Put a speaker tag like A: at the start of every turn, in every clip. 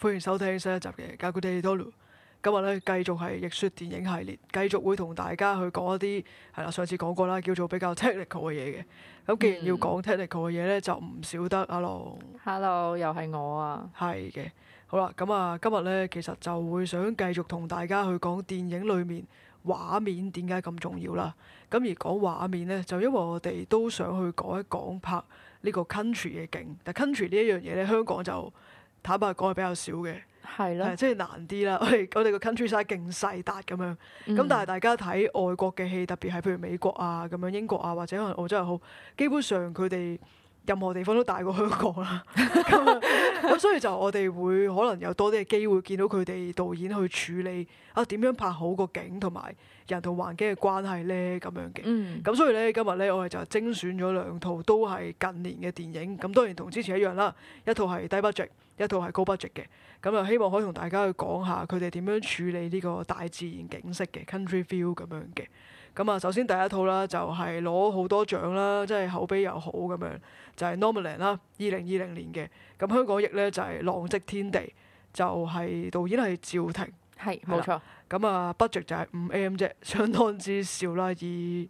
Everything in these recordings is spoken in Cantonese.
A: 歡迎收聽新一集嘅《教古地多路》。今日咧繼續係逆說電影系列，繼續會同大家去講一啲係啦，上次講過啦，叫做比較 technical 嘅嘢嘅。咁既然要講 technical 嘅嘢咧，就唔少得阿龍。Hello，Hello 又係我啊。係嘅，好啦，咁、嗯、啊，今日咧其實就會想繼續同大家去講電影裏面畫面點解咁重要啦。咁而講畫面咧，就因為我哋都想去講一講拍呢個 country 嘅景，但 country 呢一樣嘢咧，香港就。坦白講係比較少嘅，係咯的，即係難啲啦。我哋我哋個 country size 勁細達咁樣，咁、嗯、但係大家睇外國嘅戲，特別係譬如美國啊咁樣、英國啊或者可能澳洲又好，基本上佢哋任何地方都大過香港啦，咁所以就我哋會可能有多啲嘅機會見到佢哋導演去處理啊，點樣拍好個景同埋人同環境嘅關係呢。咁樣嘅，咁、嗯、所以呢，今日呢，我哋就精選咗兩套都係近年嘅電影，咁當然同之前一樣啦，一套係低 budget，一套係高 budget 嘅，咁啊希望可以同大家去講下佢哋點樣處理呢個大自然景色嘅 country view 咁樣嘅。咁啊，首先第一套啦，就係攞好多獎啦，即係口碑又好咁樣，就係《Nomadland》啦，二零二零年嘅。咁香港譯咧就係、是《浪跡天地》，就係、是、導演係趙婷，係冇是的錯。咁啊，budget 就係五 M 啫，相當之少啦。以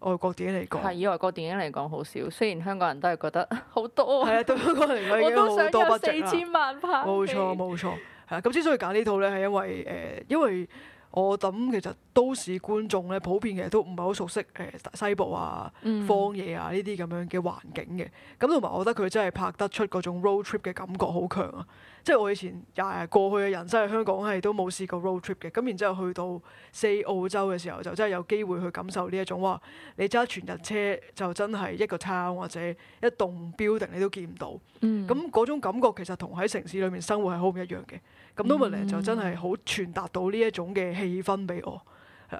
B: 外國電影嚟講，係以外國電影嚟講好少。雖然香港人都係覺得好多
A: 啊，對香港嚟講，我都想有四千萬拍。冇錯冇錯，係啊。咁之所以揀呢套咧，係因為誒、呃，因為。我諗其實都市觀眾咧，普遍其實都唔係好熟悉誒、呃、西部啊、荒野啊呢啲咁樣嘅環境嘅，咁同埋我覺得佢真係拍得出嗰種 road trip 嘅感覺好強啊！即係我以前廿廿過去嘅人生喺香港係都冇試過 road trip 嘅，咁然之後去到四澳洲嘅時候，就真係有機會去感受呢一種話，你揸全日車就真係一個 town 或者一棟 building 你都見唔到，咁嗰、嗯、種感覺其實同喺城市裏面生活係好唔一樣嘅。咁多麥尼就真係好傳達到呢一種嘅氣氛俾我，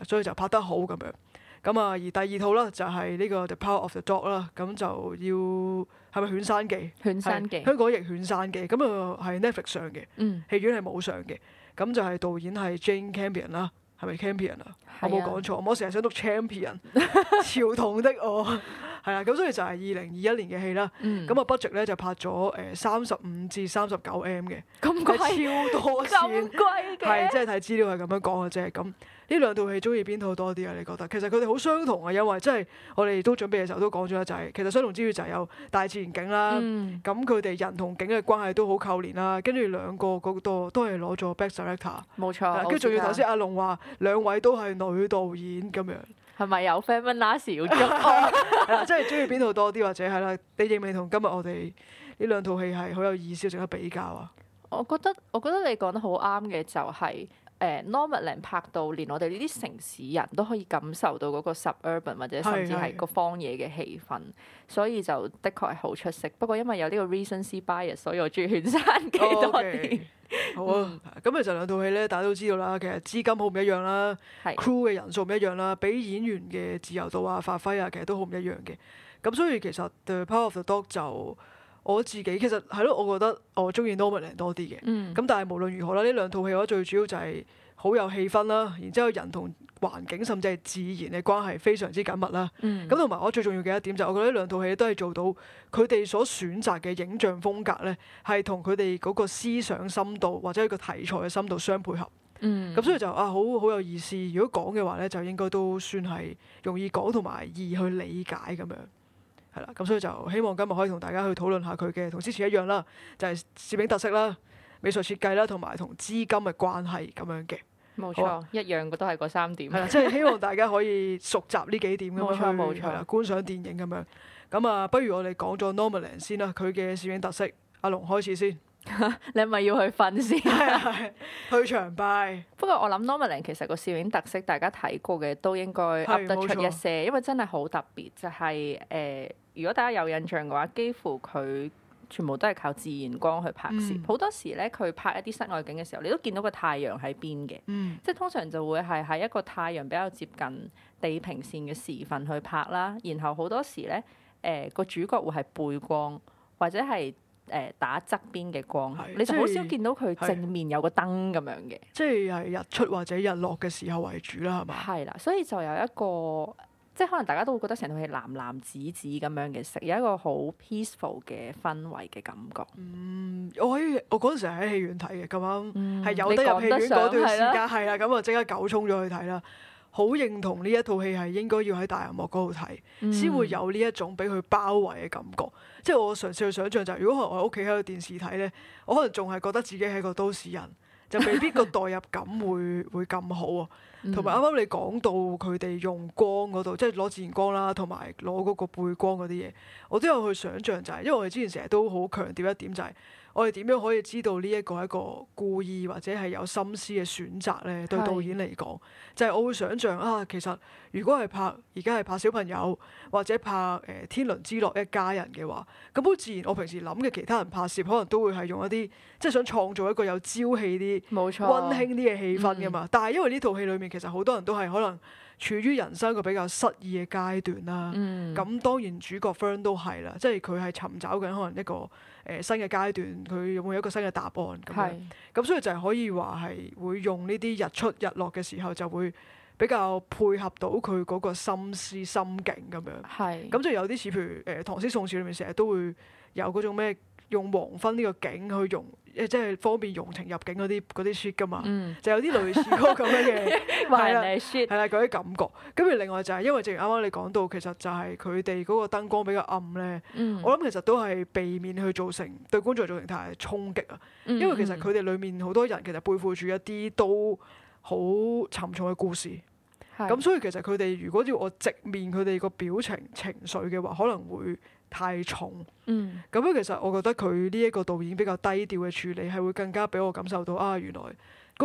A: 所以就拍得好咁樣。咁啊，而第二套啦就係呢個 The Power of the Dog 啦，咁就要係咪犬山記？犬山記，香港譯犬山記，咁啊係 Netflix 上嘅，嗯、戲院係冇上嘅，咁就係導演係 Jane Campion 啦，係咪 Campion 啊？啊我冇講錯，我成日想讀 Champion，超痛 的我，係 啦、啊，咁所以就係二零二一年嘅戲啦，咁啊 budget 咧就拍咗誒三十五至三十九 M 嘅、嗯，咁貴，超多，咁貴嘅，係即係睇資料係咁樣講嘅啫，咁。呢兩套戲中意邊套多啲啊？你覺得其實佢哋好相同啊，因為即係我哋都準備嘅時候都講咗一仔，其實相同之處就有大自然景啦，咁佢哋人同景嘅關係都好扣連啦。跟住兩個嗰都係攞咗 Best Director，冇錯。跟住仲要頭先阿龍話兩位都係女導演咁樣，
B: 係咪有 feminist
A: 要咗？即係中意邊套多啲，或者係啦？你認唔認同今日我哋呢兩套戲係好有意思？值得比較啊？我
B: 覺得我覺得你講得好啱嘅就係。誒 Norman 拍到連我哋呢啲城市人都可以感受到嗰個 suburban 或者甚至係個荒野嘅氣氛， 所以就的確係好出色。不過因為有呢個 recency
A: bias，所以我中意犬山記多啲。好啊，咁其實兩套戲咧，大家都知道啦。其實資金好唔一樣啦的，crew 嘅人數唔一樣啦，俾演員嘅自由度啊、發揮啊，其實都好唔一樣嘅。咁所以其實 The Power of the Dog 就我自己其實係咯，我覺得我中意《Nomadland》多啲嘅。咁但係無論如何啦，呢兩套戲我最主要就係好有氣氛啦。然之後人同環境甚至係自然嘅關係非常之緊密啦。咁同埋我最重要嘅一點就係，我覺得呢兩套戲都係做到佢哋所選擇嘅影像風格呢，係同佢哋嗰個思想深度或者一個題材嘅深度相配合。咁、嗯、所以就啊，好好有意思。如果講嘅話呢，就應該都算係容易講同埋易去理解咁樣。咁所以就希望今日可以同大家去討論下佢嘅，同之前一樣啦，就係攝影特色啦、美術設計啦，同埋同資金嘅關係咁樣嘅。冇錯，一樣嘅都係嗰三點。係啦，即係希望大家可以熟習呢幾點。冇錯，冇錯。觀賞電影咁樣。咁啊，不如我哋講咗《Nomadland》先啦，佢嘅攝影特色。阿龍開始先。你係咪要去瞓先？去場拜。
B: 不過我諗《Nomadland》其實個攝影特色，大家睇過嘅都應該噏得出一些，因為真係好特別，就係誒。如果大家有印象嘅話，幾乎佢全部都係靠自然光去拍攝。嗯、好多時咧，佢拍一啲室外景嘅時候，你都見到個太陽喺邊嘅。嗯、即係通常就會係喺一個太陽比較接近地平線嘅時分去拍啦。然後好多時咧，誒、呃、個主角會係背光或者係誒、呃、打側邊嘅光。是你就好少是見到佢正面有個燈咁樣嘅。即係係日出或者日落嘅時候為主啦，係嘛？係啦，所以就有一個。即係可能大家都會覺得成套戲藍藍紫紫咁樣嘅色，有一個好 peaceful 嘅氛圍嘅感覺。
A: 嗯，我可我嗰陣時喺戲院睇嘅咁樣，係有得入戲院嗰、嗯、段時間係啦，咁我即刻狗衝咗去睇啦。好認同呢一套戲係應該要喺大銀幕嗰度睇，先、嗯、會有呢一種俾佢包圍嘅感覺。即係我嘗試去想像就係、是，如果可能我喺屋企喺度電視睇咧，我可能仲係覺得自己係個都市人。 就未必個代入感會會咁好啊！同埋啱啱你講到佢哋用光嗰度，即係攞自然光啦、啊，同埋攞嗰個背光嗰啲嘢，我都有去想像就係、是，因為我哋之前成日都好強調一點就係、是，我哋點樣可以知道呢一個一個故意或者係有心思嘅選擇咧？對導演嚟講，是就係我會想像啊，其實如果係拍而家係拍小朋友或者拍誒、呃、天倫之樂一家人嘅話，咁好自然，我平時諗嘅其他人拍攝可能都會係用一啲。即係想創造一個有朝氣啲、錯溫馨啲嘅氣氛㗎嘛，嗯、但係因為呢套戲裏面其實好多人都係可能處於人生一個比較失意嘅階段啦。咁、嗯、當然主角 Fern 都係啦，即係佢係尋找緊可能一個誒、呃、新嘅階段，佢有冇一個新嘅答案咁咁是所以就係可以話係會用呢啲日出日落嘅時候就會比較配合到佢嗰個心思心境咁樣。係咁是就有啲似譬如誒、呃《唐詩宋詞》裏面成日都會有嗰種咩？用黃昏呢個景去融，誒，即係方便融情入境嗰啲、嗰啲 shot 噶嘛，嗯、就有啲類似嗰咁樣嘅係啦 s 係啦啲感覺。跟住另外就係、是，因為正如啱啱你講到，其實就係佢哋嗰個燈光比較暗咧。嗯、我諗其實都係避免去造成對觀眾造成太大衝擊啊。因為其實佢哋裏面好多人其實背負住一啲都好沉重嘅故事。咁、嗯、的所以其實佢哋如果要我直面佢哋個表情情緒嘅話，可能會。太重，咁樣其實我覺得佢呢一個導演比較低調嘅處理，係會更加俾我感受到啊！原來嗰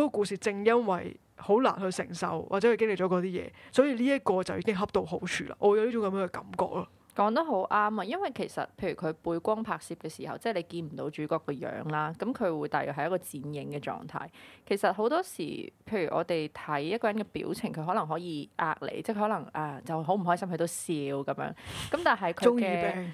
A: 個故事正因為好難去承受，或者佢經歷咗嗰啲嘢，所以呢一個就已經恰到好處啦。我有呢
B: 種咁樣嘅感覺咯。講得好啱啊，因為其實譬如佢背光拍攝嘅時候，即係你見唔到主角個樣啦，咁佢會大約係一個剪影嘅狀態。其實好多時，譬如我哋睇一個人嘅表情，佢可能可以呃你，即係可能啊就好唔開心，喺度笑咁樣。咁但係佢嘅，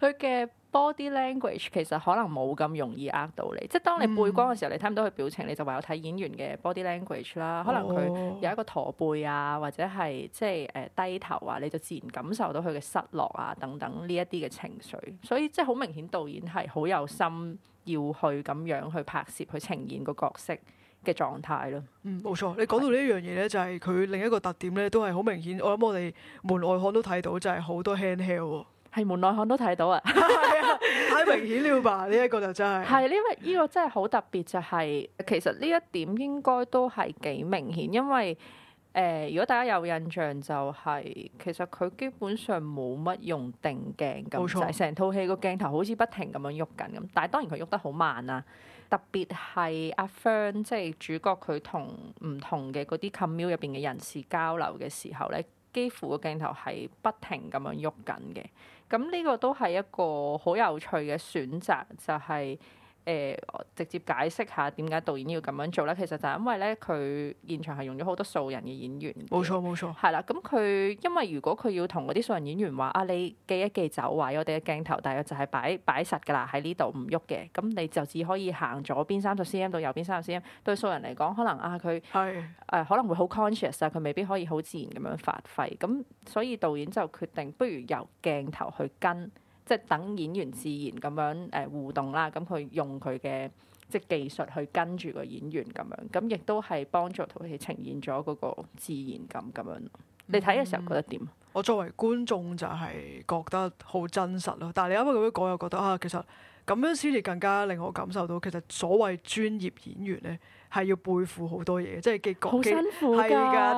B: 佢嘅 Body language 其實可能冇咁容易呃到你，即係當你背光嘅時候，嗯、你睇唔到佢表情，你就唯有睇演員嘅 body language 啦。可能佢有一個駝背啊，或者係即係誒低頭啊，你就自然感受到佢嘅失落啊等等呢一啲嘅情緒。所以即係好明顯，導演係好有心要去咁樣去拍攝、去呈現個角色嘅狀態咯。嗯，
A: 冇錯。你講到呢一樣嘢咧，就係、是、佢另一個特點咧，都係好明顯。我諗我哋門外漢都睇到，就係、是、好多 handheld 係門內行都睇到啊！係啊，太明顯了吧？呢一 個就真係
B: 係呢個呢個真係好特別，就係、是、其實呢一點應該都係幾明顯，因為誒、呃，如果大家有印象就係、是、其實佢基本上冇乜用定鏡咁，就係，成套戲個鏡頭好似不停咁樣喐緊咁，但係當然佢喐得好慢啊。特別係阿 Fern 即係主角佢同唔同嘅嗰啲 commute 入邊嘅人士交流嘅時候咧。幾乎個鏡頭係不停咁樣喐緊嘅，咁呢個都係一個好有趣嘅選擇，就係。誒、呃、我直接解釋下點解導演要咁樣做咧？其實就係因為咧，佢現場係用咗好多素人嘅演員。冇錯，冇錯。係啦，咁佢因為如果佢要同嗰啲素人演員話啊，你記一記走位，我哋嘅鏡頭大概就係擺擺實㗎啦，喺呢度唔喐嘅。咁你就只可以行左邊三十 cm 到右邊三十 cm。對素人嚟講，可能啊佢誒是、呃、可能會好 conscious 啊，佢未必可以好自然咁樣發揮。咁所以導演就決定，不如由鏡頭去跟。即係等演員自然咁樣誒、呃、互動啦，咁佢用佢嘅即係技術去跟住個演員咁樣，咁亦都係
A: 幫助套戲呈現咗嗰個自然感咁樣。你睇嘅時候覺得點、嗯？我作為觀眾就係覺得好真實咯。但係你啱啱咁樣講又覺得啊，其實咁樣先至更加令我感受到其實所謂專業演員咧係要背負好多嘢，即係既覺好辛苦㗎，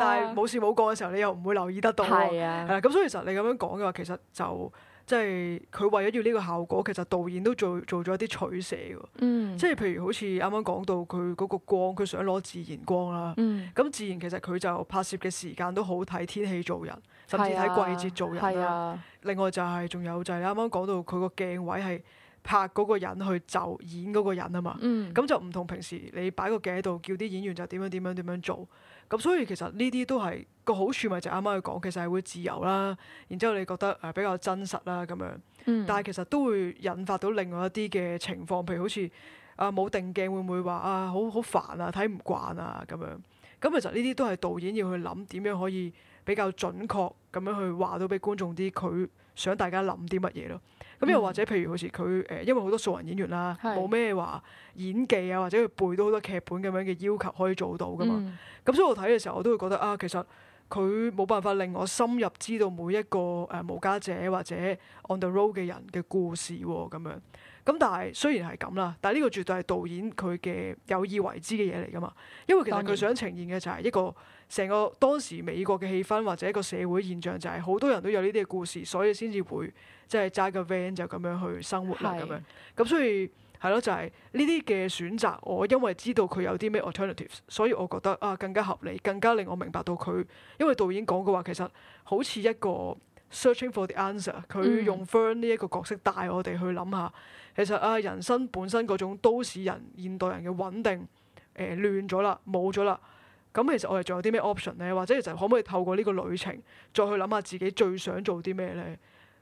A: 但係冇事冇過嘅時候你又唔會留意得到啊，係啊，咁所以其實你咁樣講嘅話，其實就即係佢為咗要呢個效果，其實導演都做做咗一啲取捨喎。嗯、即係譬如好似啱啱講到佢嗰個光，佢想攞自然光啦。咁、嗯、自然其實佢就拍攝嘅時間都好睇天氣做人，甚至睇季節做人啦。是啊，是啊，另外就係、是、仲有就係啱啱講到佢個鏡位係拍嗰個人去就演嗰個人啊嘛。咁、嗯、就唔同平時你擺個鏡喺度叫啲演員就點樣點樣點樣做。咁所以其實呢啲都係個好處，咪就啱啱佢講，其實係會自由啦。然之後你覺得誒、呃、比較真實啦咁樣，嗯、但係其實都會引發到另外一啲嘅情況，譬如好似、呃、啊冇定鏡會唔會話啊，好好煩啊，睇唔慣啊咁樣。咁其實呢啲都係導演要去諗，點樣可以比較準確咁樣去話到俾觀眾啲佢想大家諗啲乜嘢咯。
B: 咁又或者
A: 譬如好似佢誒，因為好多素人演員啦，冇咩話演技啊，或者佢背到好多劇本咁樣嘅要求可以做到噶嘛。咁、嗯、所以我睇嘅時候我都會覺得啊，其實佢冇辦法令我深入知道每一個誒、呃、無家者或者 On the Road 嘅人嘅故事喎、哦，咁樣。咁但係雖然係咁啦，但係呢個絕對係導演佢嘅有意為之嘅嘢嚟㗎嘛？因為其實佢想呈現嘅就係一個成個當時美國嘅氣氛，或者一個社會現象，就係好多人都有呢啲嘅故事，所以先至會即係揸個 van 就咁樣去生活啦咁是樣。咁所以係咯，就係呢啲嘅選擇，我因為知道佢有啲咩 alternatives，所以我覺得啊，更加合理，更加令我明白到佢，因為導演講過話其實好似一個。Searching for the answer，佢用 Fern 呢一個角色帶我哋去諗下，其實啊人生本身嗰種都市人現代人嘅穩定誒、呃、亂咗啦，冇咗啦。咁其實我哋仲有啲咩 option 咧？或者其實可唔可以透過呢個旅程再去諗下自己最想做啲咩咧？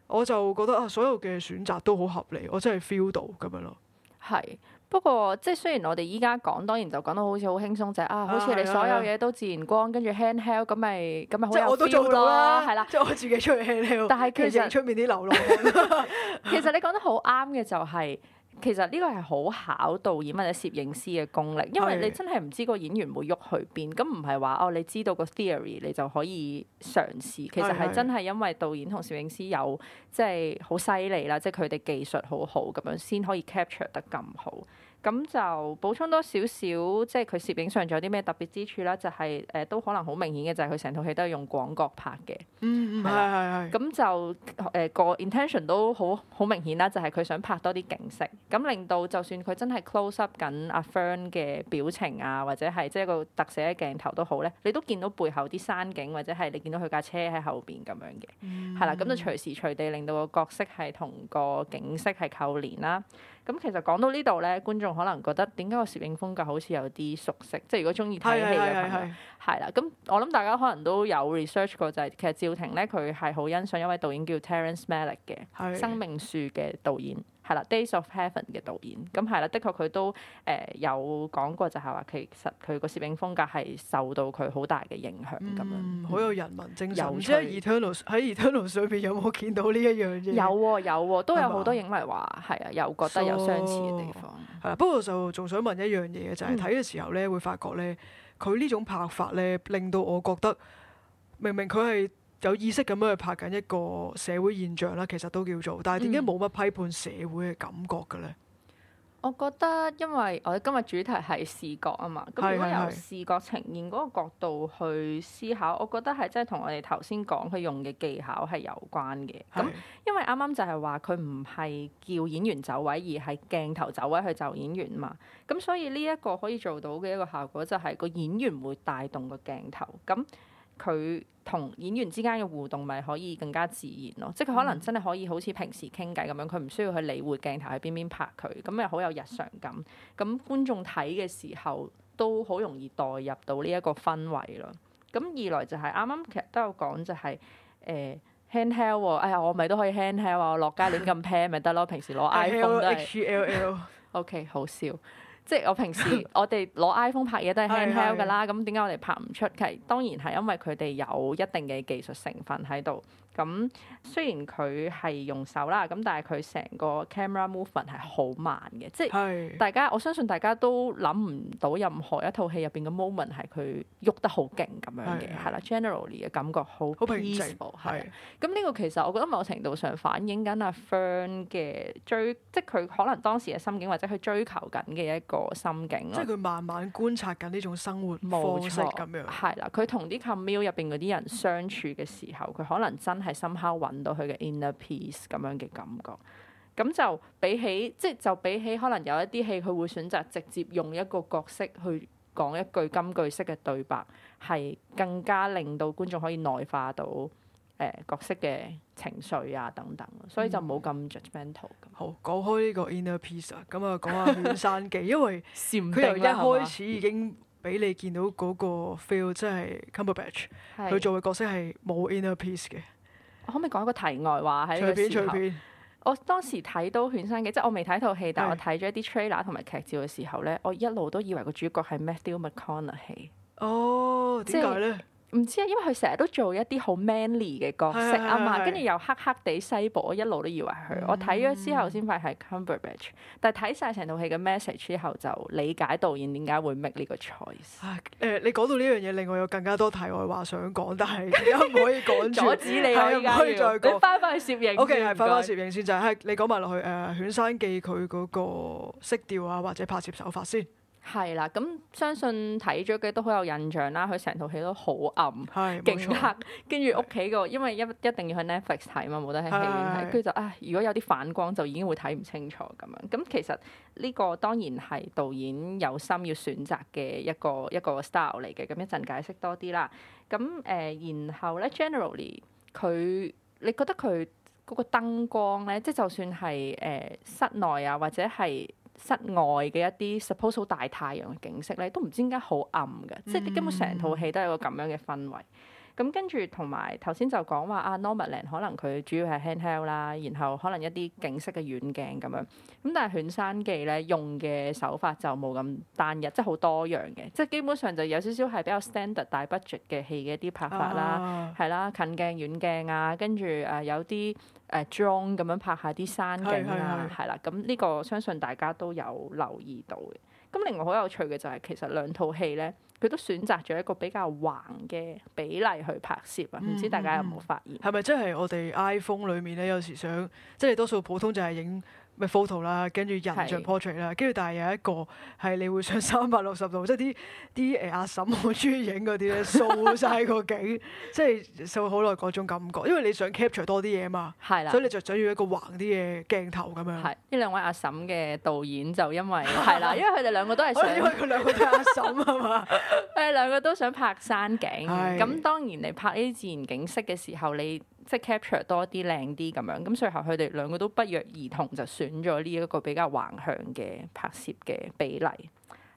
A: 我就覺得啊，所有嘅選擇都好合理，我真係 feel 到咁樣咯。
B: 係。不過，即係雖然我哋依家講，當然就講到好似好輕鬆啫。啊，好似你所有嘢都自然光，跟住 handheld，咁咪咁咪好。即、啊、我都做到、嗯、啦，係啦，
A: 即係我自己出去 handheld。但係其實出面啲流浪，
B: 其實你講得好啱嘅就係、是。其實呢個係好考導，導演或者攝影師嘅功力，因為你真係唔知個演員會喐去邊，咁唔係話哦，你知道個 theory，你就可以嘗試。其實係真係因為導演同攝影師有即係好犀利啦，即係佢哋技術好好咁樣先可以 capture 得咁好。咁就補充多少少，即係佢攝影上仲有啲咩特別之處啦？就係、是、誒、呃、都可能好明顯嘅，就係佢成套戲都係用廣角拍嘅。嗯
A: 嗯，係係係。
B: 咁的的就誒個、呃、intention 都好好明顯啦，就係、是、佢想拍多啲景色。咁令到就算佢真係 close up 緊、啊、阿 Fern 嘅表情啊，或者係即係個特寫嘅鏡頭都好咧，你都見到背後啲山景，或者係你見到佢架車喺後邊咁樣嘅。嗯。係啦，咁就隨時隨地令到個角色係同個景色係扣連啦。咁其實講到呢度咧，觀眾可能覺得點解個攝影風格好似有啲熟悉，即係如果中意睇戲嘅朋友，係啦。咁我諗大家可能都有 research 過、就是，就係其實趙婷咧，佢係好欣賞一位導演叫 Terrence Malick 嘅《的生命樹》嘅導演。係啦，《Days of Heaven》嘅導演，咁係啦，的確佢都誒有講過，就係話其實佢個攝影風格係受到佢好大嘅影響咁、嗯、樣，好有人文精神。即係、嗯《
A: Eternal 趣》喺、e《Eternal》上邊有冇見到呢一樣嘢？有、
B: 哦，有，都有好多影迷話係啊，又吧覺得有相似嘅地方。
A: 係啦、so，不過就仲想問一樣嘢，就係睇嘅時候咧，嗯、會發覺咧，佢呢種拍法咧，令到我覺得明明佢係，有意識咁樣去拍緊一個社會現象啦，其實都叫做，但係點解冇乜批判社會嘅感覺嘅咧、嗯？
B: 我覺得，因為我哋今日主題係視覺啊嘛，咁應該由視覺呈現嗰個角度去思考。我覺得係真係同我哋頭先講佢用嘅技巧係有關嘅。咁是是 因為啱啱就係話佢唔係叫演員走位，而係鏡頭走位去就演員啊嘛。咁所以呢一個可以做到嘅一個效果就係個演員會帶動個鏡頭咁。佢同演員之間嘅互動咪可以更加自然咯，即係佢可能真係可以好似平時傾偈咁樣，佢唔需要去理會鏡頭喺邊邊拍佢，咁又好有日常感。咁觀眾睇嘅時候都好容易代入到呢一個氛圍咯。咁二來就係啱啱其實都有講就係、是、誒、呃、Handheld，哎呀我咪都可以 Handheld 啊，我落街亂咁 pan 咪得咯，平時攞 iPhone 都係。H L L。 OK，好笑。即係我平時 我哋攞 iPhone 拍嘢都係 handheld 㗎啦，咁點解我哋拍唔出？其當然係因為佢哋有一定嘅技術成分喺度。咁雖然佢係用手啦，咁但係佢成個 camera movement 係好慢嘅，即係的大家我相信大家都諗唔到任何一套戲入邊嘅 moment 係佢喐得好勁咁樣嘅，係啦的，generally 嘅感覺好 peaceful，係。咁呢的個其實我覺得某程度上反映緊阿 Fern 嘅追，即係佢可能當時嘅心境或者佢追求緊嘅一個心境咯。即係佢
A: 慢慢觀察緊呢種生活模式咁錯樣，
B: 係啦，佢同啲 Camille 入邊啲人相處嘅時候，佢可能真。係深刻揾到佢嘅 inner peace 咁樣嘅感覺，咁就比起即係就比起可能有一啲戲，佢會選擇直接用一個角色去講一句金句式嘅對白，係更加令到觀眾可以內化到誒、呃、角色嘅
A: 情緒啊等等，所以就冇咁 judgmental。嗯、好講開呢個 inner peace 啊，咁啊講下《犬山記》，因為佢由一開始已經俾你見到嗰個 feel，即係 Cumberbatch，佢，是做嘅角色係冇 inner peace 嘅。
B: 可唔可以講個題外話，喺呢個時候我當時睇到《犬山記》嘅，即係我未睇套戲，是但係我睇咗一啲 trailer 同埋劇照嘅時候咧，我一路都以為個主角係 Matthew McConaughey。哦，點解咧？就是唔知啊，因為佢成日都做一啲好 manly 嘅角色啊嘛，跟住又黑黑地西部，我一路都以為佢。嗯、我睇咗之後先發現係 Cumberbatch，但係睇晒成套戲嘅 message 之後就理解導演點解會 make 呢個 choice。誒、
A: 哎，你講到呢樣嘢，令我有更加多題外話想講，但係而家唔可以講，阻止 你唔可以再講。翻
B: 返去攝影。O.K. 係翻返攝
A: 影先，就係 okay, 煩你講埋落去誒《犬山記》佢嗰個色調啊，或者拍攝手法先。係啦，咁、嗯、相信睇咗嘅都好有印
B: 象啦。佢成套戲都好暗，勁黑是。跟住屋企個，因為一一定要去 Netflix 睇啊嘛，冇的得喺戲院睇。跟住的就啊，哎、的如果有啲反光就已經會睇唔清楚咁樣。咁、嗯、其實呢、呢個當然係導演有心要選擇嘅一個一個 style 嚟嘅。咁一陣解釋多啲啦。咁誒、呃，然後咧 generally 佢，你覺得佢嗰個燈光咧，即係就算係誒、呃、室內啊，或者係。室外嘅一啲 suppose 好大太陽嘅景色咧，都唔知點解好暗嘅，即係係根本成套戲都係個咁樣嘅氛圍。 咁跟住同埋頭先就講話啊 Nomadland 可能佢主要係 handheld 啦，然後可能一啲景色嘅遠鏡咁樣。咁但係《犬山記》咧用嘅手法就冇咁單一，即係好多樣嘅，即係基本上就有少少係比較 standard 大 budget 嘅戲嘅一啲拍法啦，係、uh huh. 啦，近鏡遠鏡啊，跟住誒有啲誒 drone 咁樣拍下啲山景啊，係啦。咁呢、uh huh. 個相信大家都有留意到嘅。咁另外好有趣嘅就係、是、其實兩套戲咧。佢都選擇咗一個比較橫嘅比例去拍
A: 攝啊！唔、嗯、知大家有冇發現？係咪即係我哋 iPhone 裏面咧，有時想即係、就是、多數普通就係影。咩 photo 啦，跟住人像 portrait 啦，跟住但係有一個係你會上三百六十度，即係啲啲誒阿嬸好中意影嗰啲咧，掃晒個景， 即係掃好耐嗰種感覺，因為你想 capture 多啲嘢嘛，是啊、所以你就想要一個橫啲嘅鏡頭咁樣。係，
B: 呢兩位阿嬸嘅導演就因為係啦、 啊，因為佢哋兩個都係想， 因為佢
A: 兩個都係阿嬸吖嘛，
B: 誒 兩個都想拍山景，咁是、啊、當然你拍呢啲自然景色嘅時候你。即係 capture 多啲靚啲咁樣，咁最後佢哋兩個都不約而同就選咗呢一個比較橫向嘅拍攝嘅比例，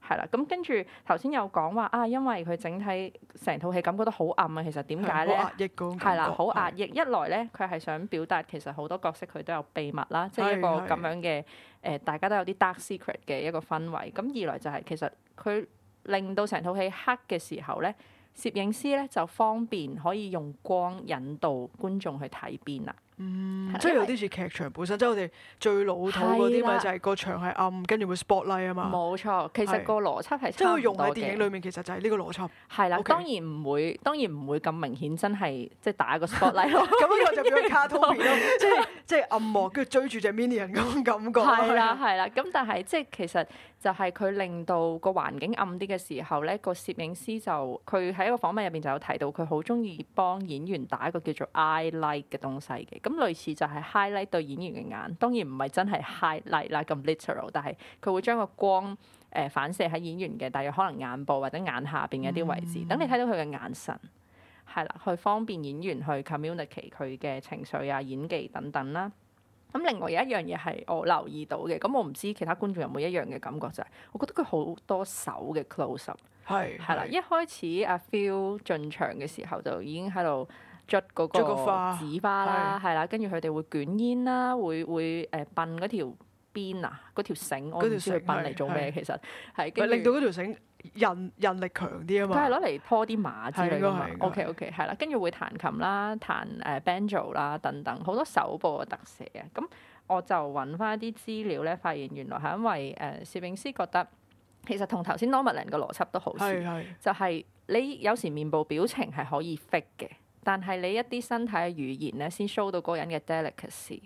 B: 係啦。咁跟住頭先有講話啊，因為佢整體成套戲感覺都好暗啊。其實點解咧？壓抑，係啦，好壓抑。的一來咧，佢係想表達其實好多角色佢都有秘密啦，即係一個咁樣嘅誒的、呃，大家都有啲 dark secret 嘅一個氛圍。咁二來就係、是、其實佢令到成套戲黑嘅時候咧。攝影師咧就方便可以用光引導觀眾去睇邊
A: 啦。嗯，即係有啲似劇場本身，即係我哋最老土嗰啲咪就係個場係暗，跟住會 spotlight 啊嘛。冇錯，其實個邏輯係即係會用喺電影裏面，其實就係呢個邏輯。
B: 係啦，當然唔會，當然唔會咁明顯，真係即係打個 spotlight 咯。咁呢個就叫卡通片咯，即
A: 係即係暗喎，跟住追住隻 mini 人嗰種感覺。係啦，
B: 係啦，咁但係即係其實就係佢令到個環境暗啲嘅時候咧，個攝影師就佢喺一個訪問入邊就有提到，佢好中意幫演員打一個叫做 eye light 嘅東西嘅。咁類似就係 highlight 對演員嘅眼，當然唔係真係 highlight 啦，咁 literal，但係佢會將個光誒、呃、反射喺演員嘅，大約可能眼部或者眼下邊嘅一啲位置，等、嗯、你睇到佢嘅眼神，係啦，去方便演員去 communicate 佢嘅情緒啊、演技等等啦。咁另外有一樣嘢係我留意到嘅，咁我唔知其他觀眾有冇一樣嘅感覺就係、是，我覺得佢好多手嘅 close up，
A: 係係啦，一
B: 開始阿、啊、Phil 進場嘅時候就已經喺度。捽嗰個紙花啦，係啦的，跟住佢哋會捲煙啦，會會誒，揼嗰條邊啊，嗰條繩，條條我唔知佢揼嚟做咩。的其實係令到嗰條
A: 繩韌力強啲啊嘛。佢係攞嚟
B: 拖啲馬之類。係，OK OK，係啦，跟住會彈琴啦，彈誒、呃、banjo 啦，等等好多手部嘅特寫啊。咁我就揾翻啲資料咧，發現原來係因為誒、呃、攝影師覺得其實同頭先 Nomadland 嘅邏輯都好似，就係你有時面部表情係可以 fake 嘅。但係你一啲身體嘅語言咧，先 show 到嗰個人嘅 delicacy，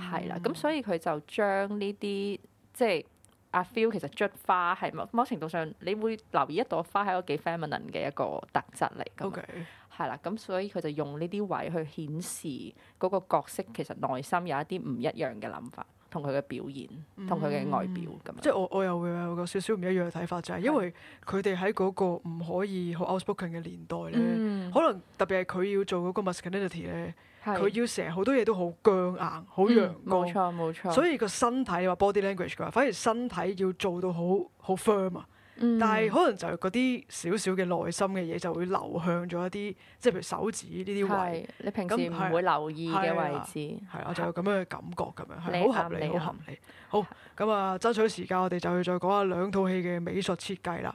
B: 係啦。咁、嗯、所以佢就將呢啲即係阿 Phil 其實捽花係某某程度上，你會留意一朵花係一個幾 feminine 嘅一個特質嚟。OK 係啦。咁所以佢就用呢啲位去顯示嗰個角色其實內心有一啲唔一樣嘅諗法。同佢嘅表現，同佢嘅外表
A: 咁。嗯、樣即係我我又會有個少少唔一樣嘅睇法，就係、是、因為佢哋喺嗰個唔可以好 outspoken 嘅年代咧，嗯、可能特別係佢要做嗰個 masculinity 咧是，佢要成日好多嘢都好僵硬，好陽光，冇錯冇錯。錯，所以個身體話 body language 嘅話，反而身體要做到好好 firm 啊。嗯、但係可能就係嗰啲少少嘅內心嘅嘢就會流向咗一啲，即係譬如手指呢啲位，嗯、那你平時唔會留意嘅位置，係啦，就有咁樣嘅感覺咁樣，係好合理，好合理。好咁啊，爭取時間，我哋就去再講下兩套戲嘅美術設計啦。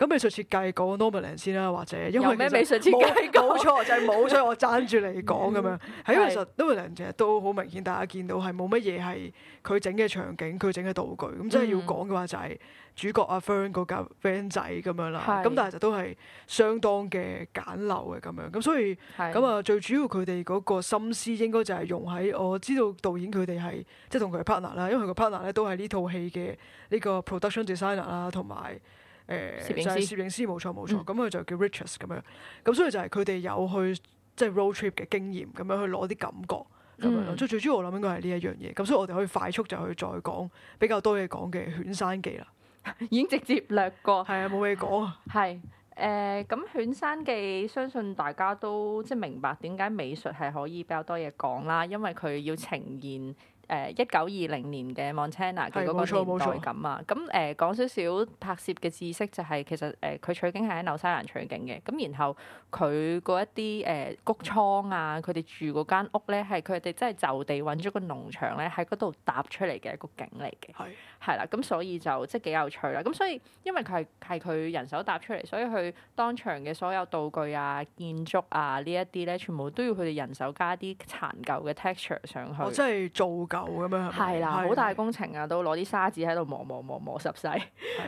A: 咁、嗯、美術設計講 Norman 先啦，或者因為其實冇冇錯 就係冇，所以我爭住嚟講咁樣。係、 嗯、因為其實 Norman 其實都好明顯，大家見到係冇乜嘢係佢整嘅場景，佢整嘅道具。咁即係要講嘅話，就係主角阿、嗯、Fern 嗰架 van 仔咁樣啦。咁是但係其實都係相當嘅簡陋嘅咁樣。咁所以咁啊，是最主要佢哋嗰個心思應該就係用喺我知道導演佢哋係即係同佢 partner 啦，就是、part ner, 因為佢個 partner 咧都係呢套戲嘅呢、呢個 production designer 啦，同埋。誒、嗯、就係攝影師，冇錯冇錯，咁佢就叫 Richards 咁樣，咁所以就係佢哋有去即係、就是、road trip 嘅經驗，咁樣去攞啲感覺咁樣，最、嗯、最主要我諗應該係呢一樣嘢，咁所以我哋可以快速就去再講比較多嘢講嘅《犬山記》啦，
B: 已經直接略過，係 啊，冇嘢講啊，係、呃、誒，咁《犬山記》相信大家都即係明白點解美術係可以比較多嘢講啦，因為佢要呈現。誒，一九二零年嘅 Montana 嘅嗰是個年代咁啊錯，咁誒講少少拍攝嘅知識就係、是、其實誒佢、uh, 取景係喺紐西蘭取景嘅，咁然後佢嗰一啲誒、uh, 谷倉啊，佢哋住嗰間屋咧係佢哋真係就地揾咗個農場咧喺嗰度搭出嚟嘅一個景嚟嘅，係係啦，咁所以就即係幾有趣啦，咁所以因為佢係係佢人手搭出嚟，所以佢當場嘅所有道具啊、建築啊呢一啲咧，全部都要佢哋人手加啲殘舊嘅 texture 上去，我真係做緊。係啦，好大工程啊，都攞啲沙子喺度磨磨磨磨，磨，磨磨磨十世，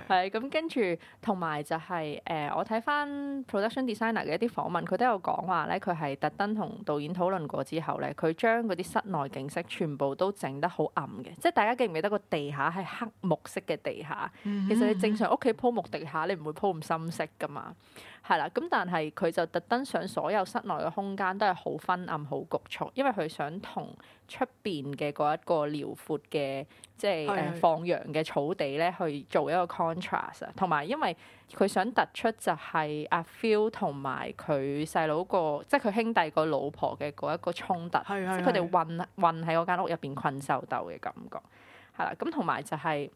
B: 係咁跟住同埋就係、是、誒、呃，我睇翻 production designer 嘅一啲訪問，佢都有講話咧，佢係特登同導演討論過之後咧，佢將嗰啲室內景色全部都整得好暗嘅，即係大家記唔記得個地下係黑木色嘅地下？嗯、哼其實你正常屋企鋪木地下，你唔會鋪咁深色噶嘛，係啦。咁但係佢就特登想所有室內嘅空間都係好昏暗、好局促，因為佢想同出邊嘅嗰一個遼闊嘅即係放羊嘅草地咧，去做一個 contrast 啊，同埋因為佢想突出就係阿 Phil 同埋佢細佬個即係佢兄弟個老婆嘅嗰一個衝突，是是是即係佢哋困困喺嗰間屋入邊困獸鬥嘅感覺，係啦，咁同埋就係、是。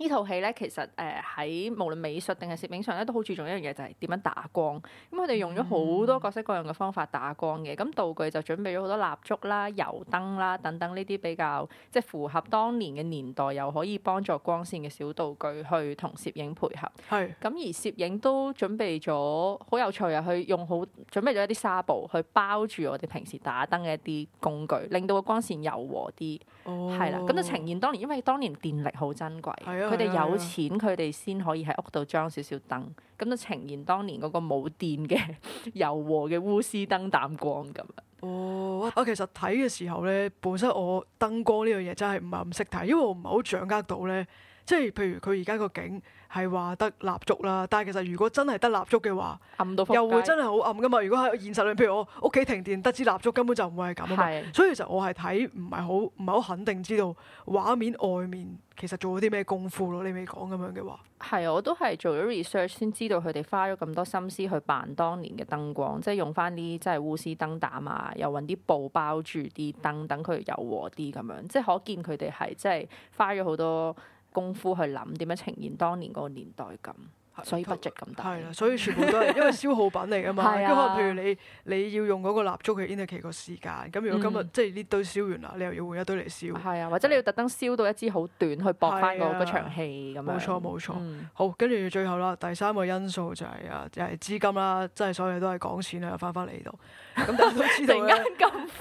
B: 呢套戲咧，其實誒喺無論美術定係攝影上咧，都好注重一樣嘢，就係點樣打光。咁佢哋用咗好多各式各樣嘅方法打光嘅。咁道具就準備咗好多蠟燭啦、油燈啦等等呢啲比較即係符合當年嘅年代，又可以幫助光線嘅小道具去同攝影配合。係。咁而攝影都準備咗好有趣啊，去用好準備咗一啲紗布去包住我哋平時打燈嘅一啲工具，令到個光線柔和啲。哦。係啦，咁就呈現當年，因為當年電力好珍貴。係啊。佢哋有錢，佢哋 先可以喺屋度裝少少燈，咁就 呈現當年嗰個冇電嘅 柔和嘅烏絲燈膽光咁。哦，
A: 我，其實睇嘅時候呢，本身我燈光呢樣嘢真係唔係咁識睇，因為我唔係好掌握到呢。即係譬如佢而家個景係話得蠟燭啦，但係其實如果真係得蠟燭嘅話，暗到又會真係好暗㗎嘛。如果喺現實裏，譬如我屋企停電，得支蠟燭根本就唔會係咁。係。所以其實我係睇唔係好唔係好肯定知道畫面外面其實做咗啲咩功夫咯。你未講咁樣嘅話，
B: 係啊，我都係做咗 research 先知道佢哋花咗咁多心思去扮當年嘅燈光，即係用翻啲即係烏絲燈膽啊，又搵啲布包住啲燈，等佢柔和啲咁樣。即係可見佢哋係即係花咗好多。功夫去
A: 諗點樣呈現當年嗰個年代感，所以 budget 咁大。係啦，所以全部都係因為消耗品嚟㗎嘛。係啊的。跟住你你要用嗰個蠟燭去維持個時間，咁如果今日、嗯、即係呢堆燒完啦，你又要換一堆嚟燒。係
B: 啊，或者你要特登燒到一支好短去
A: 搏翻、那個嗰的場戲咁。冇錯冇錯。錯，嗯、好，跟住最後啦，第三個因素就係、是、啊，係、就是、資金啦，即係所有嘢都係講錢啊，翻返嚟呢度。咁大家都知道啦，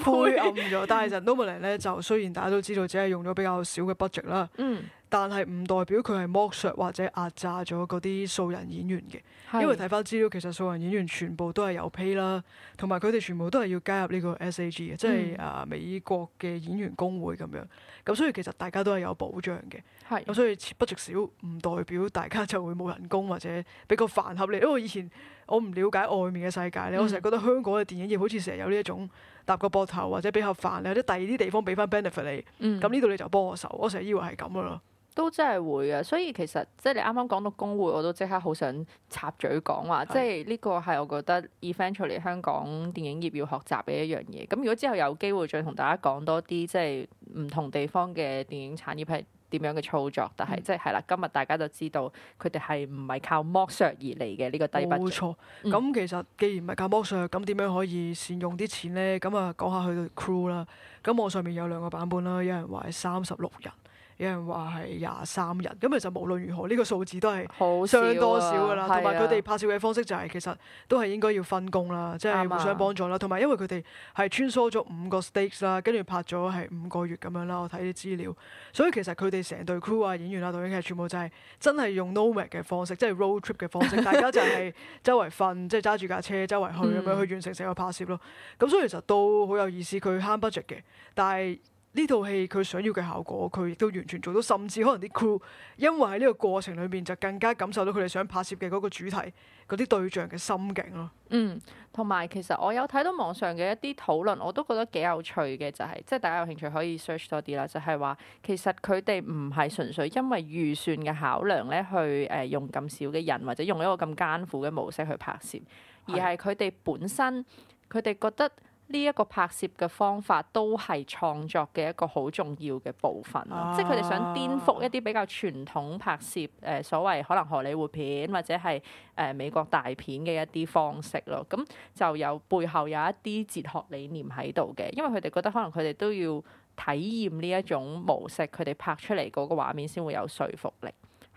A: 灰 暗咗。但係《神刀嚟靈》咧，就雖然大家都知道，只係用咗比較少嘅 budget 啦。嗯。但係唔代表佢係剝削或者壓榨咗嗰啲素人演員嘅，是因為睇翻資料，其實素人演員全部都係有 pay 啦，同埋佢哋全部都係要加入呢個 SAG 嘅、嗯，即係啊美國嘅演員工會咁樣。咁所以其實大家都係有保障嘅。咁是所以不絕少唔代表大家就會冇人工或者俾個飯盒你。因為以前我唔了解外面嘅世界咧，嗯、我成日覺得香港嘅電影業好似成日有呢一種搭個膊頭或者俾盒飯，或者第二啲地方俾翻 benefit 你。咁呢度你就幫我手，我成日以為係咁噶咯。都真係會
B: 啊！所以其實即係你啱啱講到工會，我都即刻好想插嘴講話，是即係呢個係我覺得 eventually 香港電影業要學習嘅一樣嘢。咁如果之後有機會再同大家講多啲，即係唔同地方嘅電影產業係點樣嘅操作，但係、嗯、即係係啦，今日大家就知道佢哋係唔係靠剝削而嚟嘅呢個低預算。冇錯，咁、嗯、其
A: 實既然唔係靠剝削，咁點樣可以善用啲錢呢？咁啊，講下去到 crew 啦。咁網上面有兩個版本啦，有人話係三十六人。有人話係廿三日，咁其實無論如何，呢、這個數字都係相當少噶啦。同埋佢哋拍攝嘅方式就係、是、其實都係應該要分工啦，即、就、係、是、互相幫助啦。同埋嘛因為佢哋係穿梭咗五個 states 啦，跟住拍咗係五個月咁樣啦。我睇啲資料，所以其實佢哋成隊 crew 啊、演員啊、導演其實全部就係真係用 Nomad 嘅方式，即、就、係、是、road trip 嘅方式， 大家就係周圍瞓，即係揸住架車周圍去咁樣去完成成個拍攝咯。咁、嗯、所以其實都好有意思，佢慳 budget 嘅，但係。呢套戲佢想要嘅效果，佢亦都完全做到，甚至可能啲 crew 因為喺呢個過程裏面就更加感受到佢哋想拍攝嘅嗰個主題、嗰啲對象嘅心境咯。
B: 嗯，同埋其實我有睇到網上嘅一啲討論，我都覺得幾有趣嘅，就係即係大家有興趣可以 search 多啲啦。就係、是、話其實佢哋唔係純粹因為預算嘅考量咧，去、呃、誒用咁少嘅人或者用一個咁艱苦嘅模式去拍攝，而係佢哋本身佢哋的覺得。呢一個拍攝嘅方法都係創作嘅一個好重要嘅部分咯，啊、即係佢哋想顛覆一啲比較傳統拍攝誒、呃、所謂可能荷里活片或者係誒、呃、美國大片嘅一啲方式咯，咁就有背後有一啲哲學理念喺度嘅，因為佢哋覺得可能佢哋都要體驗呢一種模式，佢哋拍出嚟嗰個畫面先會有說服力。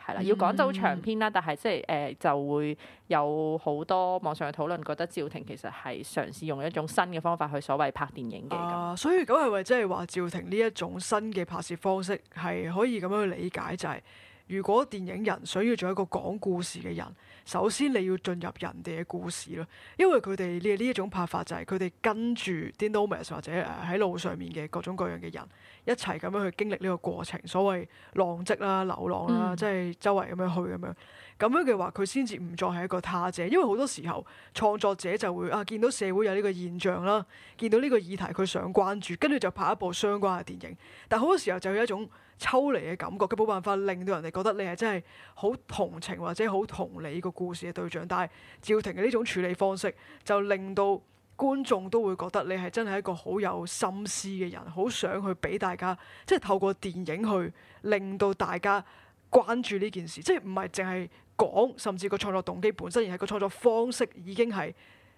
B: 係啦，要講就好長篇啦，但係即係誒就會有好多網上嘅討
A: 論，覺得趙婷其實係嘗試用一種新嘅
B: 方法去所謂拍電影嘅。呃、
A: 樣所以咁係咪即係話趙婷呢一種新嘅拍攝方式係可以咁樣去理解，就係，就係如果電影人想要做一個講故事嘅人，首先你要進入人哋嘅故事咯，因為佢哋呢呢一種拍法就係佢哋跟住啲 nomads 或者喺路上面嘅各種各樣嘅人。一齊咁樣去經歷呢個過程，所謂浪跡啦、流浪啦，即係周圍咁樣去咁樣。咁樣嘅話，佢先至唔再係一個他者。因為好多時候，創作者就會啊，見到社會有呢個現象啦，見到呢個議題，佢想關注，跟住就拍一部相關嘅電影。但好多時候就有一種抽離嘅感覺，佢冇辦法令到人哋覺得你係真係好同情或者好同理個故事嘅對象。但係趙婷嘅呢種處理方式就令到。觀眾都會覺得你係真係一個好有心思嘅人，好想去畀大家，即係透過電影去令到大家關注呢件事，即係唔係淨係講，甚至個創作動機本身，而係個創作方式已經係，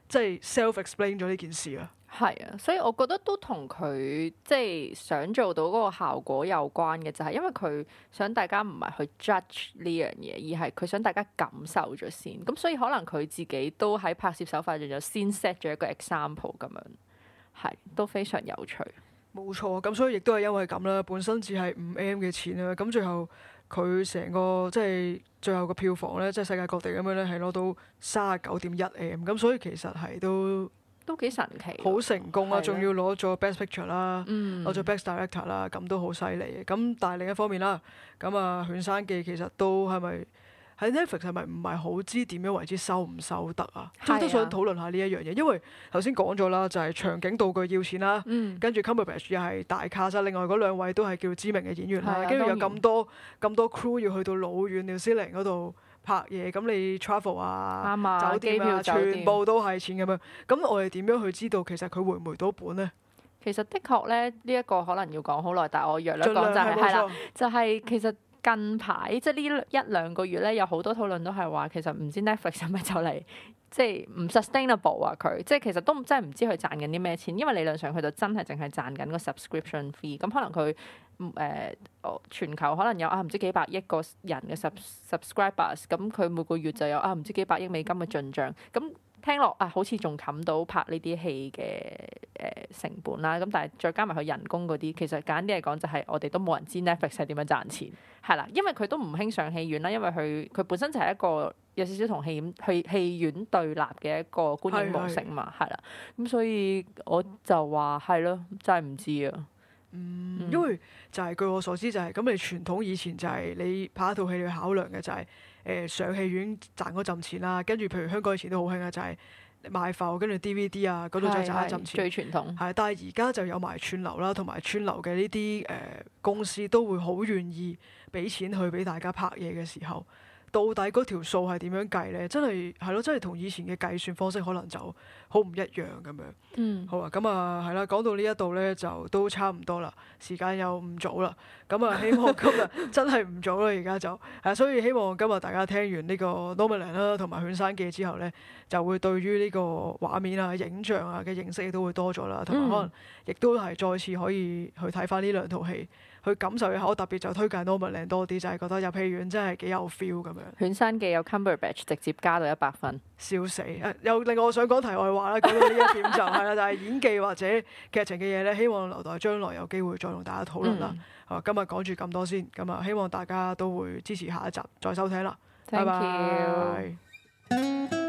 A: 即係 self-explain 咗呢件事啦。
B: 係啊，所以我覺得都同佢即係想做到嗰個效果有關嘅，就係因為佢想大家唔係去 judge 呢樣嘢，而係佢想大家感受咗先。咁所以可能佢自己都喺拍攝手法上就先 set 咗一個 example 咁樣，係都非常有趣。
A: 冇錯，咁所以亦都係因為咁啦。本身只係五 M 嘅錢啦，咁最後佢成個即係最後個票房咧，即係世界各地咁樣咧，係攞到三十九點一 M。咁所以其實係都。
B: 都幾神奇，
A: 好成功啊！仲的要攞咗 Best Picture 啦，攞咗、嗯、Best Director 啦，咁都好犀利。咁但係另一方面啦，咁啊《犬山記》其實都係咪喺 Netflix 係咪唔係好知點樣為之收唔收得啊？我的都想討論下呢一樣嘢，因為頭先講咗啦，就係場景道具要錢啦，跟住、嗯、Cumberbatch 又係大卡士，另外嗰兩位都係叫知名嘅演員啦，跟住的有咁多咁然多 crew 要去到老遠紐西蘭嗰度。拍嘢咁你 travel 啊，啱、啊、酒店、啊、機票、啊，全部都係錢咁樣。咁 我哋點樣去知道其實佢回唔回到本咧？
B: 其實的確咧呢一、呢個可能要講好耐，但係我弱略講就係、是、啦，就係、是、其實。 近排即係呢一兩個月咧，有好多討論都係話，其實唔知 Netflix 係咪就嚟即係唔 sustainable 啊，佢即係其實都真係唔知佢賺緊啲咩錢，因為理論上佢就真係淨係賺緊個 subscription fee。咁可能佢誒、呃、全球可能有啊唔知幾百億個人嘅 subscribers，咁佢每個月就有啊唔知幾百億美金嘅進帳咁。聽落啊，好似仲冚到拍呢啲戲嘅誒、呃、成本啦，咁但係再加埋佢人工嗰啲，其實簡單啲嚟講，就係我哋都冇人知 Netflix 係點樣賺錢，係啦、嗯，因為佢都唔興上戲院啦，因為佢佢本身就係一個有少少同戲戲戲院對立嘅一個
A: 觀念模式嘛，係啦的，咁的所以我就話係咯，真係唔知啊，嗯，因為就係、是、據我所知就係、是、咁，你傳統以前就係、是、你拍一套戲，要考量嘅就係、是。誒、呃、上戲院賺嗰陣錢啦，跟住譬如香港以前都好興啊，就係賣埠，跟住 DVD 啊，嗰度就賺一陣錢，是是，最傳統。係，但係而家就有埋串流啦，同埋串流嘅呢啲誒公司都會好願意俾錢去俾大家拍嘢嘅時候。到底嗰條數係點樣計咧？真係係咯，真係同以前嘅計算方式可能就好唔一樣咁樣。嗯好。好啊，咁啊係啦，講到呢一度呢，就都差唔多啦。時間又唔早啦。咁 啊，希望今日真係唔早啦，而家就係所以希望今日大家聽完呢個《Nomadland》啦同埋《犬山記》之後呢，就會對於呢個畫面啊、影像啊嘅認識亦都會多咗啦，同埋可能亦都係再次可以去睇翻呢兩套戲。佢感受嘅好特別，就推介多麥靚多啲，就係覺得入戲院真係幾有 feel 咁樣。犬山
B: 記有 Cumberbatch 直接加到一百分，笑死！
A: 又令我想講題外話啦，講到呢一點就係、是、啦，但係、 就是、演技或者劇情嘅嘢咧，希望留待將來有機會再同大家討論啦。啊、嗯，今日講住咁多先，咁啊，希望大家都會支持下一集再收聽啦。Thank you. 拜拜。